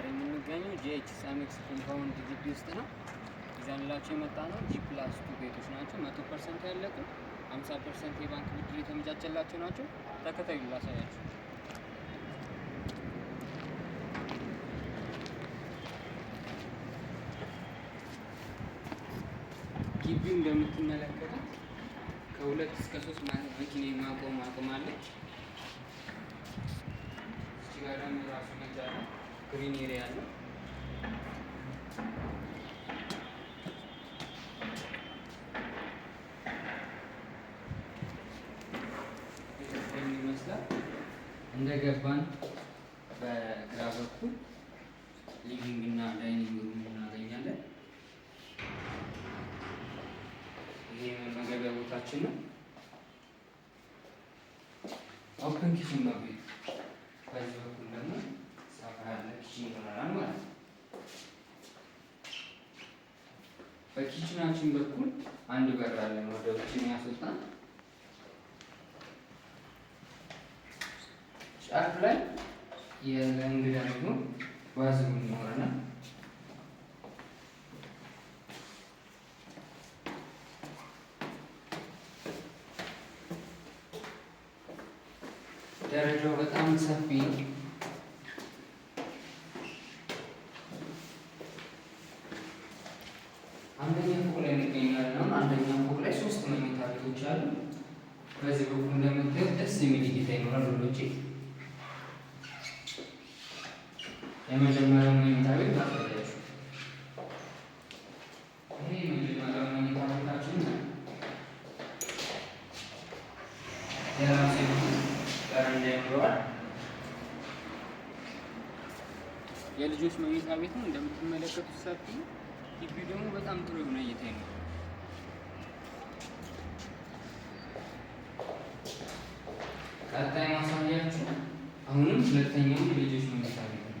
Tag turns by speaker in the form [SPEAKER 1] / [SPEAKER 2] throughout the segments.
[SPEAKER 1] ዛሬ የምንገኘው ጂኤች ሳሚክስ ኮምፓውንድ ግቢ ውስጥ ነው። ይዘንላቸው የመጣ ነው ጂ ፕላስ ቱ ቤቶች ናቸው። መቶ ፐርሰንት ያለቁ፣ ሀምሳ ፐርሰንት የባንክ ብድር የተመቻቸላቸው ናቸው። ተከታዩ ላሳያቸው። ግቢው እንደምትመለከቱት ከሁለት እስከ ሶስት መኪና የማቆም አቅም አለች። እዚህ ጋር ደግሞ ራሱ መጃ ነው ግሪን ኤሪያ አለ። እንደገባን በግራ በኩል ሊቪንግ እና ዳይኒንግ ሩም እናገኛለን። ይሄ መመገቢያ ቦታችን ነው። ኦፕን ኪችን ነው በዚህ በኩል ደግሞ ኪችን ይሆናል ማለት ነው። በኪችናችን በኩል አንድ በር አለን ወደ ውጭ የሚያስወጣን። ጫፍ ላይ የእንግዳ ደግሞ ባዝሩም ይኖረናል። ደረጃው በጣም ሰፊ ነው። አንደኛ ፎቅ ላይ እንገኛለን። አንደኛ ፎቅ ላይ ሶስት መኝታ ቤቶች አሉ። በዚህ በኩል እንደምታዩት ደስ የሚል እይታ ይኖራል። ወሎጭ የመጀመሪያው መኝታ ቤት ታፈላችሁ። ይሄ የመጀመሪያው መኝታ ቤታችን ነው። የራሱ በረንዳ ይኖረዋል። የልጆች መኝታ ቤት ነው እንደምትመለከቱት ሰፊ ግቢ ደግሞ በጣም ጥሩ የሆነ እይታ ነው። ቀጣይ ማሳያችሁ አሁንም ሁለተኛውን መኝታ ቤት ነው።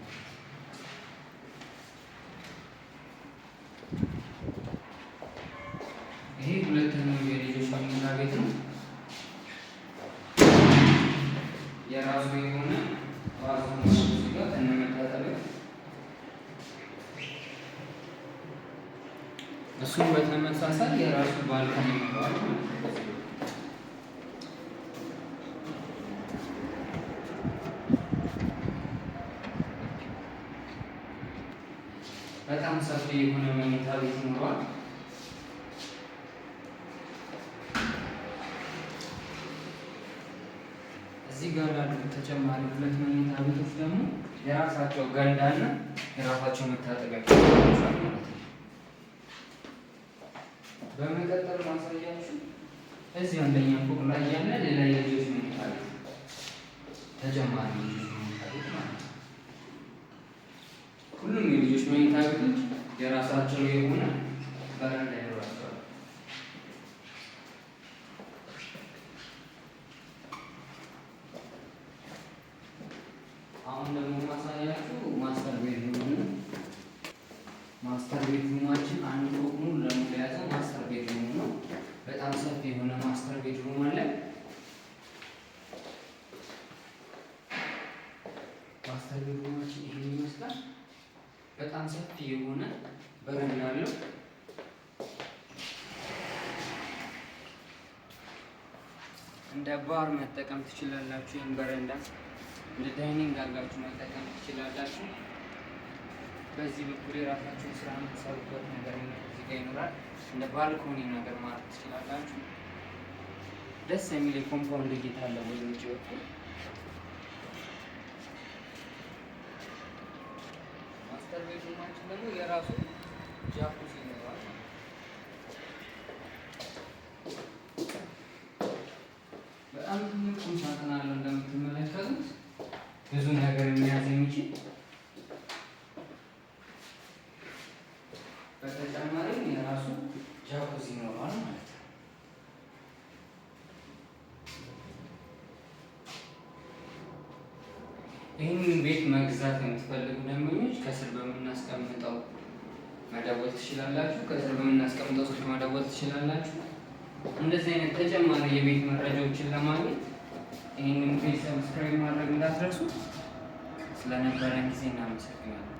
[SPEAKER 1] ይሄ ሁለተኛው የልጆች መኝታ ቤት ነው የራሱ እሱ በተመሳሳይ የራሱ ባልኮን በጣም ሰፊ የሆነ መኝታ ቤት ይኖረዋል። እዚህ ጋር ላሉ ተጨማሪ ሁለት መኝታ ቤቶች ደግሞ የራሳቸው ገንዳና የራሳቸው መታጠቢያ ማለት ነው። በመቀጠል ማሳያችሁ እዚህ አንደኛ ፎቅ ላይ ያለ ሌላ የልጆች መኝታ ቤት ተጨማሪ የልጆች መኝታ ቤት ማለት ነው። ሁሉም የልጆች መኝታ ቤቶች የራሳቸው የሆነ በረንዳ ይኖራቸዋል። አሁን ደግሞ ማሳያችሁ ማስተር ቤት ማስተር ቤት ሰፊ የሆነ ማስተር ቤድሩም አለ። ማስተር ቤድሩማችን ይህን ይመስላል። በጣም ሰፊ የሆነ በረንዳ አለው። እንደ ባር መጠቀም ትችላላችሁ። ይህን በረንዳ እንደ ዳይኒንግ አድርጋችሁ መጠቀም ትችላላችሁ። በዚህ በኩል የራሳችሁን ስራ የምትሰሩበት ነገር እዚህ ጋ ይኖራል። እንደ ባልኮኒ ነገር ማለት ትችላላችሁ። ደስ የሚል የኮምፓውንድ እይታ አለ። ወደ ውጭ በኩል ማስተር ቤድሩማችን ደግሞ የራሱ ጃኩዚ ይኖራል። በጣም ትልቅ ቁም ሳጥን አለው እንደምትመለከቱት ብዙ ነገር የሚያዝ የሚችል ጃኩዚ ይኖረዋል ማለት ነው። ይህንን ቤት መግዛት የምትፈልጉ ደንበኞች ከስር በምናስቀምጠው መደወል ትችላላችሁ። ከስር በምናስቀምጠው ስልክ መደወል ትችላላችሁ። እንደዚህ አይነት ተጨማሪ የቤት መረጃዎችን ለማግኘት ይህንን ፔጅ ሰብስክራይብ ማድረግ እንዳትረሱ። ስለነበረን ጊዜ እናመሰግናለን።